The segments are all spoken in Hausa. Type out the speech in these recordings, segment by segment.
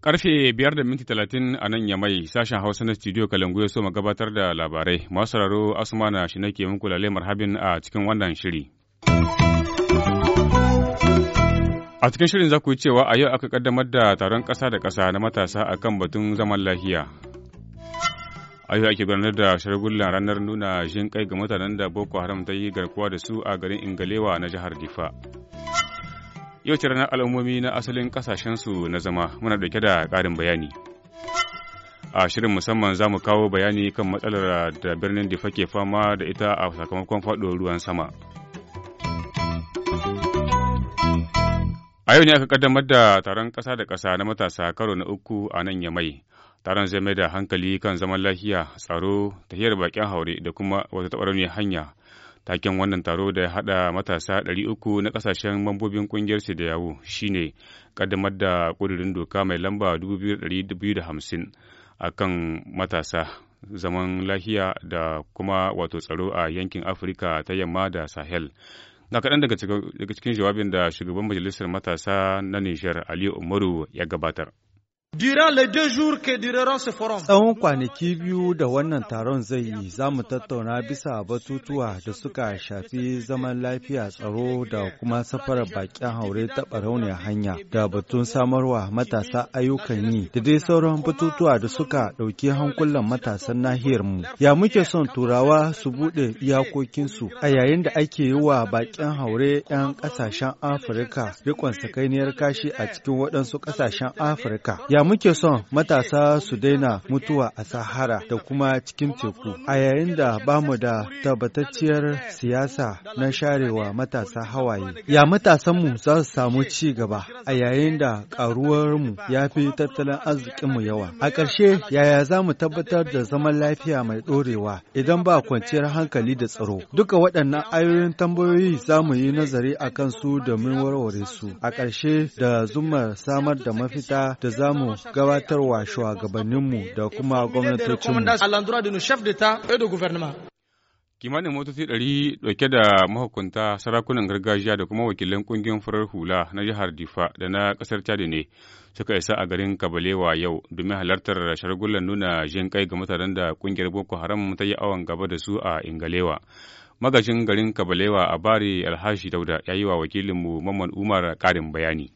Karfe biyar da minti talatin a nan Yamai, sashen Hausa na studio Kalangu ya so gabatar da labarai. Masu sauraro Asmana shi nake muku lalle marhabin a cikin wannan shiri. A cikin shirin za ku yi cewa a yau aka kaddamar da taron ƙasa da ƙasa na matasa a kan batun zaman lahiya. aisha ake gudanar da shargullan ranar nuna jin kai ga mutanen da boko haram ta yi garkuwa da su a garin ingalewa na jihar difa yau ce ranar al'ummomi na asalin kasashensu na zama muna dauke da karin bayani a shirin musamman za mu kawo bayani kan matsalar da birnin difa ke fama da ita a sakamakon faɗo ruwan sama a yau ne aka kaddamar da taron ƙasa da ƙasa na matasa karo na uku a nan yamai taron zai mai da hankali kan zaman lafiya tsaro tafiyar bakin haure da kuma wata taɓararmiyar hanya taken wannan taro da ya hada matasa 300 na kasashen mambobin kungiyar su da yawo shine ƙaddamar da kudurin doka mai lamba 2250 a kan matasa zaman lafiya da kuma wato tsaro a yankin afirka ta yamma da sahel na kaɗan daga cikin jawabin da shugaban majalisar matasa na nishar aliyu umaru ya gabatar Tsawon kwanaki biyu da wannan taron zai yi za mu tattauna bisa batutuwa da suka shafi zaman lafiya tsaro da kuma safarar bakin haure ta barauniyar hanya da batun samarwa matasa ayyukan yi da dai sauran batutuwa da suka ɗauki hankulan matasan nahiyar mu. Ya muke son turawa su buɗe iyakokinsu a yayin da ake yi wa bakin haure 'yan ƙasashen Afirka rikon sakainiyar kashi a cikin waɗansu ƙasashen Afirka. Ya muke son matasa su daina mutuwa a Sahara da kuma cikin teku, a yayin da ba mu da tabbatacciyar siyasa na sharewa matasa hawaye. Ya matasanmu za su samu ci gaba a yayin da mu ya fi tattalin arzikinmu yawa. A ƙarshe, yaya za mu tabbatar da zaman lafiya mai ɗorewa idan ba kwanciyar hankali da tsaro? Duka waɗannan ayoyin tambayoyi za mu yi nazari a kansu domin warware su. A ƙarshe da zumar samar da mafita da za mu gabatarwa shugabanninmu da kuma gwamnatocinmu. kimanin motoci ɗari ɗauke da mahukunta sarakunan gargajiya da kuma wakilan ƙungiyar farar hula na jihar difa da na ƙasar chad ne suka isa a garin kabalewa yau domin halartar shargullan nuna jin kai ga mutanen da ƙungiyar boko haram ta yi awon gaba da su a ingalewa magajin garin kabalewa a bari alhaji dauda ya yi wa wakilinmu mamman umar ƙarin bayani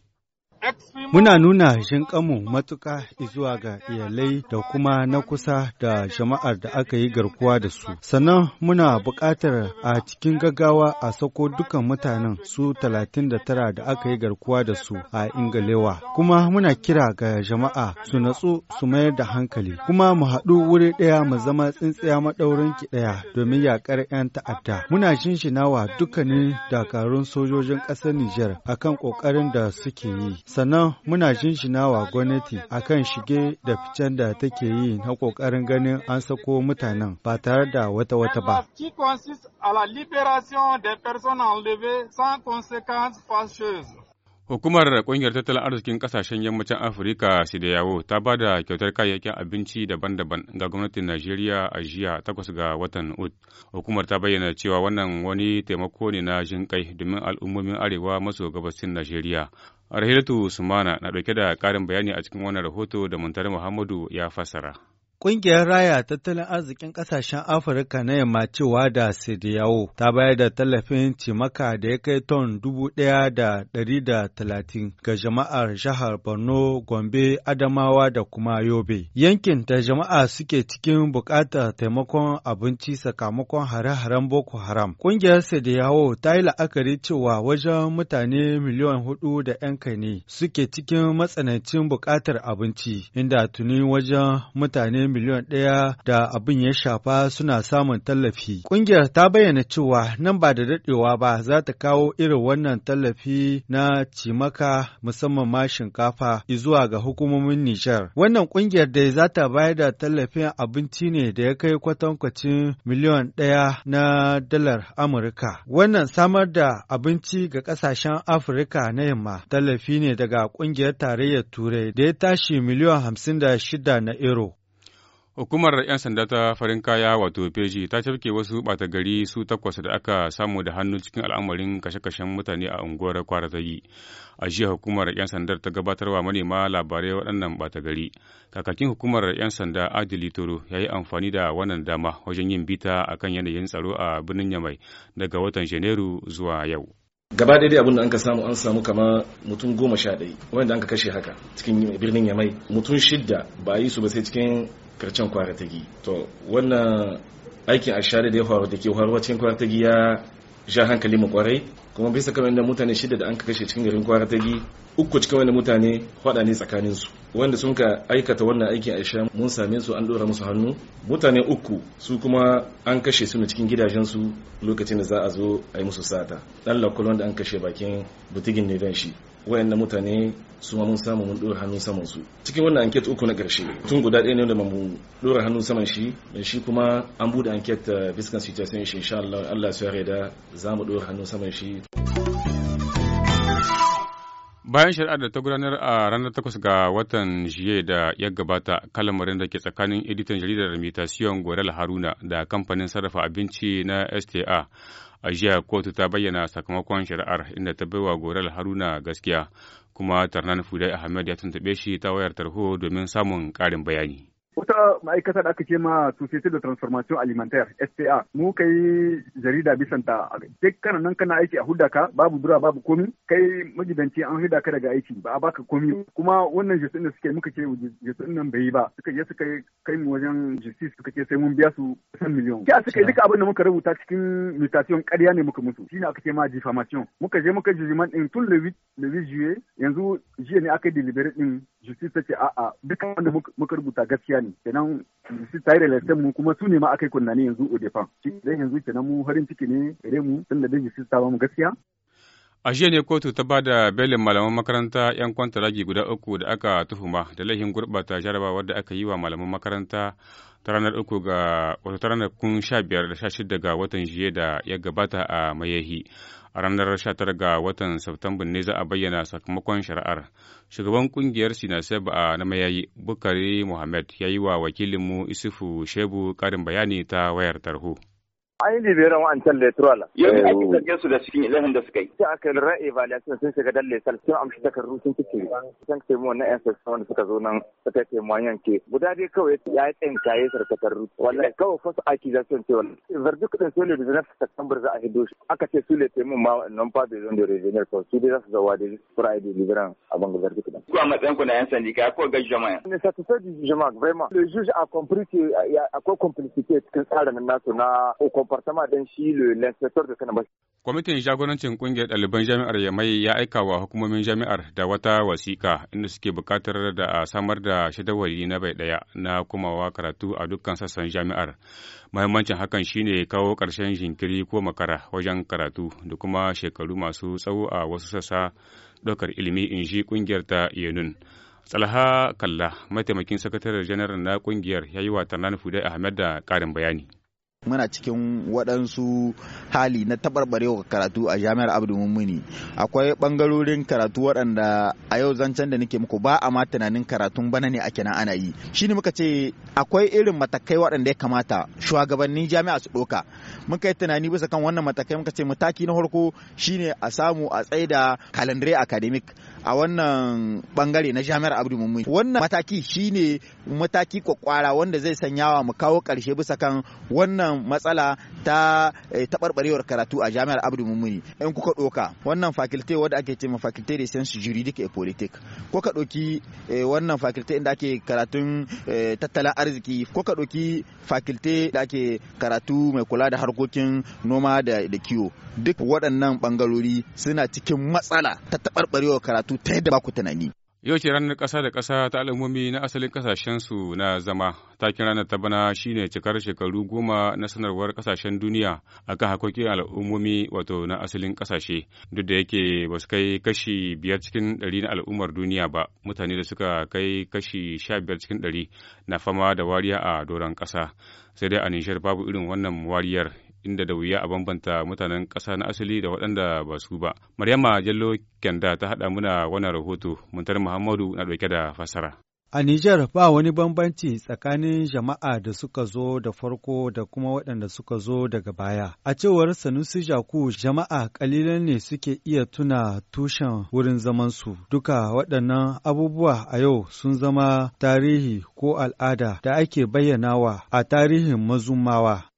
Muna nuna shinkamu matuka zuwa ga iyalai da kuma na kusa da jama'ar da aka yi garkuwa da su. Sannan muna buƙatar a cikin gaggawa a sako dukan mutanen su talatin da tara da aka yi garkuwa da su a Ingalewa. Kuma muna kira ga jama'a su natsu su mayar da hankali. Kuma mu haɗu wuri ɗaya mu zama tsintsiya maɗaurin ki ɗaya domin yaƙar 'yan ta'adda. Muna shinshinawa dukkanin dakarun sojojin ƙasar Nijar akan ƙoƙarin da suke yi. sannan muna shinshinawa gwamnati a kan shige da ficen da take yi na kokarin ganin an sako mutanen ba tare da wata-wata ba. Hukumar ƙungiyar tattalin arzikin ƙasashen yammacin Afirka sidayawo ta ba da kyautar kayayyakin abinci daban-daban ga gwamnatin Najeriya a jiya takwas ga watan Ut. Hukumar ta bayyana cewa wannan wani taimako ne na jinƙai domin al'ummomin arewa maso gabasin Najeriya. Rahilatu Sumana na ɗauke da ƙarin bayani a cikin wannan rahoto da Muntari Muhammadu ya fassara. Ƙungiyar Raya Tattalin Arzikin Ƙasashen Afirka na Yamma cewa da Yawo, ta bayar da tallafin cimaka da ya kai ton dubu ɗaya da ɗari da talatin ga jama'ar jihar Borno, Gombe, Adamawa da kuma Yobe. Yankin da jama'a suke cikin buƙatar taimakon abinci sakamakon hare-haren Boko Haram. Ƙungiyar Yawo ta yi la'akari cewa wajen mutane miliyan hudu da ‘yan kai ne suke cikin matsanancin buƙatar abinci, inda tuni wajen mutane mutane miliyan ɗaya da abin ya shafa suna samun tallafi. Ƙungiyar ta bayyana cewa nan ba da daɗewa ba za ta kawo irin wannan tallafi na cimaka musamman ma shinkafa zuwa ga hukumomin Nijar. Wannan ƙungiyar da za ta bayar da tallafin abinci ne da ya kai kwatankwacin miliyan ɗaya na dalar Amurka. Wannan samar da abinci ga ƙasashen Afirka na yamma tallafi ne daga ƙungiyar tarayyar Turai da ya tashi miliyan hamsin da shida na euro. Hukumar 'yan sanda ta farin kaya wato feji ta cafke wasu ɓata gari su takwas da aka samu da hannu cikin al'amarin kashe-kashen mutane a unguwar kwara ta yi. A jiya hukumar 'yan sandar ta gabatar wa manema labarai waɗannan ɓata gari. Kakakin hukumar 'yan sanda Adili Toro ya yi amfani da wannan dama wajen yin bita a kan yanayin tsaro a birnin Yamai daga watan Janairu zuwa yau. gaba daidai abin da an ka samu an samu kama mutum goma sha ɗaya wanda an ka kashe haka cikin birnin yamai mutum shidda ba yi su ba sai cikin karcen kwaratagi to wannan aikin ashari da ya faru da ke faruwa cikin kwaratagi ya sha hankali mu kwarai kuma bisa kamar da mutane shida da an kashe cikin garin kwaratagi uku cikin wani mutane hada ne tsakanin su wanda sun ka aikata wannan aikin aisha mun same su an dora musu hannu mutane uku su kuma an kashe su na cikin gidajensu lokacin da za a zo a yi musu sata dan lakul da an kashe bakin butigin ne dan shi wayannan mutane su ma mun samu mun dora hannun saman su cikin wannan anket uku na ƙarshe tun guda ɗaya ne da mu dora hannun saman shi da shi kuma an bude anket ta eh, situation shi insha Allah Allah ya yarda za mu dora hannun saman shi Bayan shari'ar da ta gudanar a ranar takwas ga watan Jiye da ya gabata kalamarin da ke tsakanin editan jaridar Mitasiyon Gorel Haruna da kamfanin sarrafa abinci na STA a jiya kotu ta bayyana sakamakon shari'ar inda ta baiwa goral haruna gaskiya kuma tarnan fudai ahmed ya tuntube shi ta wayar tarho domin samun ƙarin bayani wata ma'aikata da aka ce ma société de transformation alimentaire SPA mu kai jarida bisan ta duk kana nan kana aiki a huda ka babu dura babu komi kai magidanci an huda ka daga aiki ba a baka komi kuma wannan jesu da suke muka ce jisun nan bai yi ba suka je suka kai mu wajen justice suka ce sai mun biya su san miliyon a suka duka abin da muka rubuta cikin mutation ƙarya ne muka musu shine aka ce ma diffamation muka je muka jiriman din tun le 8 juillet yanzu jiya ne aka yi deliberate din justice ta ce a'a duka wanda muka rubuta gaskiya ne ne kenan su tare da lasten mu kuma su ne ma aka yi kunnani yanzu odefan dan yanzu kenan mu harin ciki ne gare mu tun da su ta mu gaskiya a jiya ne kotu ta ba da belin malaman makaranta 'yan kwanta kwantaragi guda uku da aka tuhuma da laifin gurbata jarabawar da aka yi wa malaman makaranta ta ranar uku ga wata ranar kun sha biyar da sha shida ga watan jiya da ya gabata a mayahi a ranar 19 ga watan Satumba ne za a bayyana sakamakon shari'ar. Shugaban kungiyar Sinaseb a na mayayi Bukari mohammed ya yi wa wakilinmu Isufu Shebu karin bayani ta wayar tarho. an yi liberan wa'ancan electoral ne ake zargin su da cikin ilahin da suka yi sai aka yi ra'ayi ba da sun shiga dan lesal sun amshi takardu sun kice sun ce mu wannan yan sassan wanda suka zo nan suka ce mu an guda dai kawai ya yi tsinka ya sarkatarru wallahi kawai fasu aki za su yi cewa zargi kudin su ne da na september za a hido shi aka ce su ta yi mun ma non ba da zonde de revenir ko su dai za su zawa da friday liberan a bangar zargi kudin ku a matsayin ku na yan ka ko ga jama'a ne satisfied jama'a vraiment le juge a compris que akwai complicité cikin tsarin nasu na hukumar kompartama din shi l'inspecteur da kanabas. Kwamitin jagorancin kungiyar ɗaliban jami'ar Yamai ya aika wa hukumomin jami'ar da wata wasiƙa inda suke buƙatar da a samar da shadawari na bai ɗaya na kumawa karatu a dukkan sassan jami'ar. Muhimmancin hakan shi ne kawo ƙarshen jinkiri ko makara wajen karatu da kuma shekaru masu tsawo a wasu sassa ɗaukar ilimi in ji kungiyar ta Yenun. Tsalha Kalla, mataimakin sakataren janar na kungiyar ya yi wa Tarnan fudai Ahmed da ƙarin bayani. muna cikin waɗansu hali na taɓarɓarewa karatu a jami'ar abu mummuni akwai ɓangarorin karatu waɗanda a yau zancen da nake muku ba a ma tunanin karatun bana ne ake ana yi shine muka ce akwai irin matakai waɗanda ya kamata shugabannin jami'a su ɗoka mun kai tunani bisa kan wannan matakai muka ce mataki na farko shine a samu a tsaida calendar academic a wannan bangare na jami'ar abdu mummuni wannan mataki shine mataki kwakwara wanda zai sanyawa mu kawo ƙarshe bisa kan wannan matsala ta eh, taɓarɓarewar karatu a jami'ar Abdu Mumuni in kuka ɗoka wannan fakilte wadda ake ce ma fakilte da sciences juridiques e politik ko ka ɗoki eh, wannan fakilte inda ake karatun eh, tattalin arziki ko ka ɗoki fakilte da ake karatu mai kula da harkokin noma da kiwo duk waɗannan bangarori suna cikin matsala ta taɓarɓarewar karatu ta yadda ba ku tunani Yau ce ranar ƙasa da ƙasa ta al'ummomi na asalin ƙasashensu na zama. Takin ranar ta bana shine cikar shekaru goma na sanarwar ƙasashen duniya a kan hakokin al'ummomi wato na asalin ƙasashe. Duk da yake ba su kai kashi biyar cikin ɗari na al'ummar duniya ba, mutane da suka kai kashi sha biyar cikin ɗari na fama da wariya a doron ƙasa. Sai dai a nishar babu irin wannan wariyar inda da wuya a bambanta mutanen ƙasa na asali da waɗanda ba su ba. Maryama Jallo Kenda ta haɗa muna wannan rahoto, Muntar Muhammadu na ɗauke da fasara. A Nijar ba wani bambanci tsakanin jama'a da suka zo da farko da kuma waɗanda suka zo daga baya. A cewar Sanusi Jaku jama'a ƙalilan ne suke iya tuna tushen wurin zamansu. Duka waɗannan abubuwa a yau sun zama tarihi ko al'ada da ake bayyanawa a tarihin mazumawa.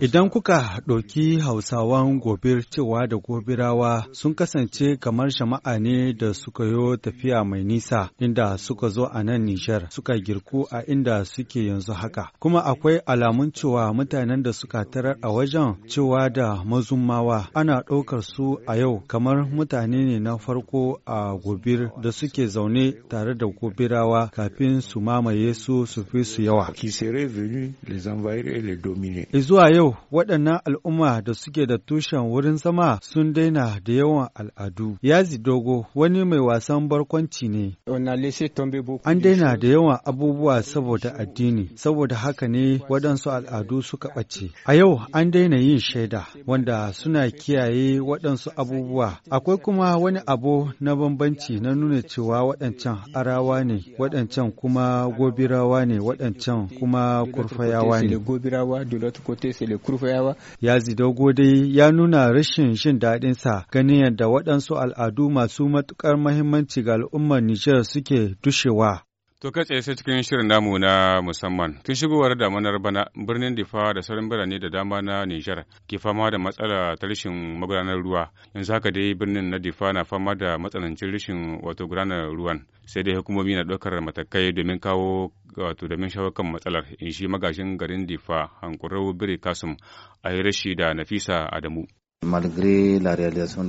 Idan kuka ɗauki Hausawan gobir cewa da gobirawa sun kasance kamar shama'a ne da suka yo tafiya mai nisa inda suka zo a nan Nijar suka girku a inda suke yanzu haka. Kuma akwai alamun cewa mutanen da suka tarar a wajen cewa da mazumawa ana ɗaukar su a yau kamar mutane ne na farko a gobir da suke zaune tare da gobirawa kafin su mamaye su su fi su yawa. Zuwa yau waɗannan al'umma da suke da tushen wurin zama sun daina da yawan al'adu. Yazi Dogo wani mai wasan barkwanci ne. An daina da yawan abubuwa saboda addini, saboda haka ne waɗansu al'adu suka ɓace. A yau an daina yin shaida wanda suna kiyaye waɗansu abubuwa. Akwai kuma wani abu na bambanci na nuna cewa waɗancan arawa ne, waɗancan kuma gobirawa ne, waɗancan kuma kurfayawa ne. le gobirawa da lati kote le kurfayawa ya dogo dai ya nuna rashin jin daɗin sa ganin yadda waɗansu al'adu masu matukar muhimmanci ga al'ummar Nijar suke dushewa To kai tsaye sai cikin shirin namu na musamman tun shigowar damanar bana birnin Difa da sauran birane da dama na Nijar ke fama da matsala ta rashin magudanar ruwa yanzu haka dai birnin na Difa na fama da matsanancin rashin wato gudanar ruwan sai dai hukumomi na ɗaukar matakai domin kawo wato domin shawo kan matsalar in shi magashin garin Difa Hankurau Biri Kasum a da Nafisa Adamu.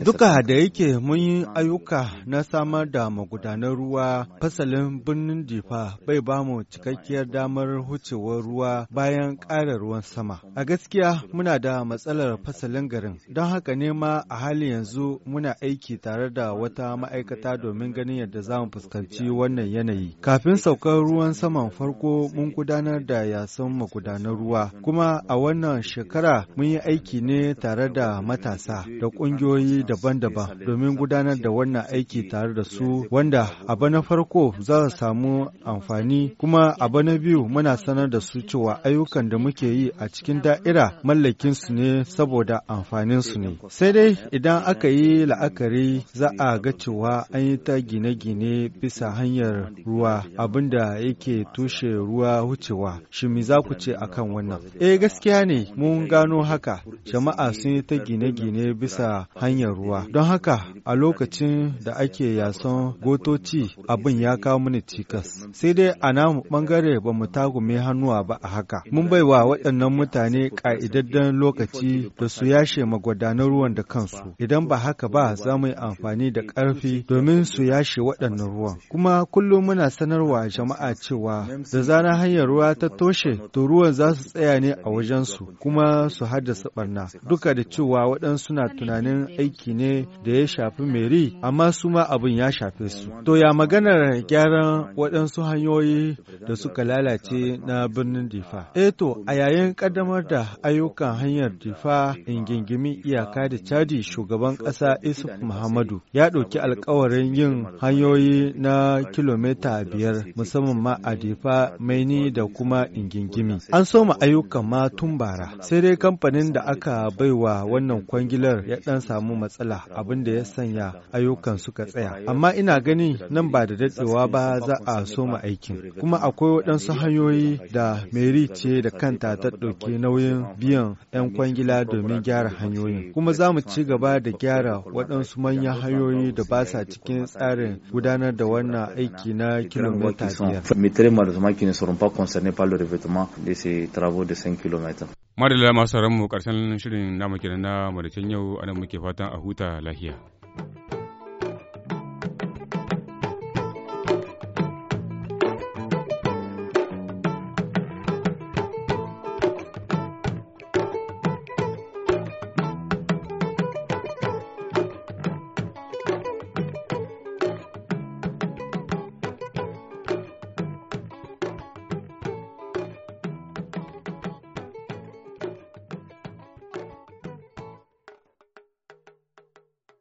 Duka da yake mun yi ayyuka na samar da magudanar ruwa fasalin birnin Difa bai ba mu cikakkiyar damar hucewar ruwa bayan ƙara ruwan sama. A gaskiya muna da matsalar fasalin garin, don haka ne ma a halin yanzu muna aiki tare da wata ma'aikata domin ganin yadda za mu fuskanci wannan yanayi. Kafin saukar ruwan saman farko mun gudanar da yasan magudanan ruwa, kuma a wannan shekara mun yi aiki ne tare da mata matasa da ƙungiyoyi daban-daban domin gudanar da wannan aiki tare da su wanda abu na farko za su samu amfani kuma abu na biyu muna sanar da su cewa ayyukan da muke yi a cikin da'ira mallakin su ne saboda amfanin su ne sai dai idan aka yi la'akari za a ga cewa an yi ta gine-gine bisa hanyar ruwa abinda yake tushe ruwa wucewa shi mi za ku ce akan wannan eh gaskiya ne mun gano haka jama'a sun yi ta gine gine-gine bisa hanyar ruwa. Don haka a lokacin da ake yason gotoci abin ya kawo mini cikas. Sai dai a namu bangare ba mu tagume hannuwa ba a haka. Mun baiwa waɗannan mutane ƙa'idaddan lokaci da su yashe magwadanan ruwan da kansu. Idan ba haka ba za mu yi amfani da ƙarfi domin su yashe waɗannan ruwan. Kuma kullum muna sanarwa jama'a cewa da zana hanyar ruwa ta toshe to ruwan za su tsaya ne a wajensu kuma su haddasa barna. Duka da cewa waɗansu na tunanin aiki ne da ya shafi meri amma su ma abin ya shafe su to ya maganar gyaran waɗansu hanyoyi da suka lalace na birnin difa eto eh a yayin ƙaddamar da ayyukan hanyar difa ingingimi iyaka da cadi shugaban ƙasa isuf muhammadu ya ɗauki alkawarin yin hanyoyi na kilomita biyar musamman ma a difa maini da kuma ingingimi an soma ayyukan ma tun bara sai dai kamfanin da aka baiwa wannan kwangilar ya ɗan samu matsala abin da ya sanya ayyukan suka tsaya. Amma ina ganin nan ba da daɗewa ba za a soma aikin. Kuma akwai waɗansu hanyoyi da Meri ce da kanta ta ɗauki nauyin biyan 'yan kwangila domin gyara hanyoyin. Kuma za mu ci gaba da gyara waɗansu manyan hanyoyi da ba sa cikin tsarin gudanar da wannan aiki na kilomita biyar. 5 Madalla masu mu ƙarshen shirin namu kenan na madacin yau anan muke fatan a huta lahiya.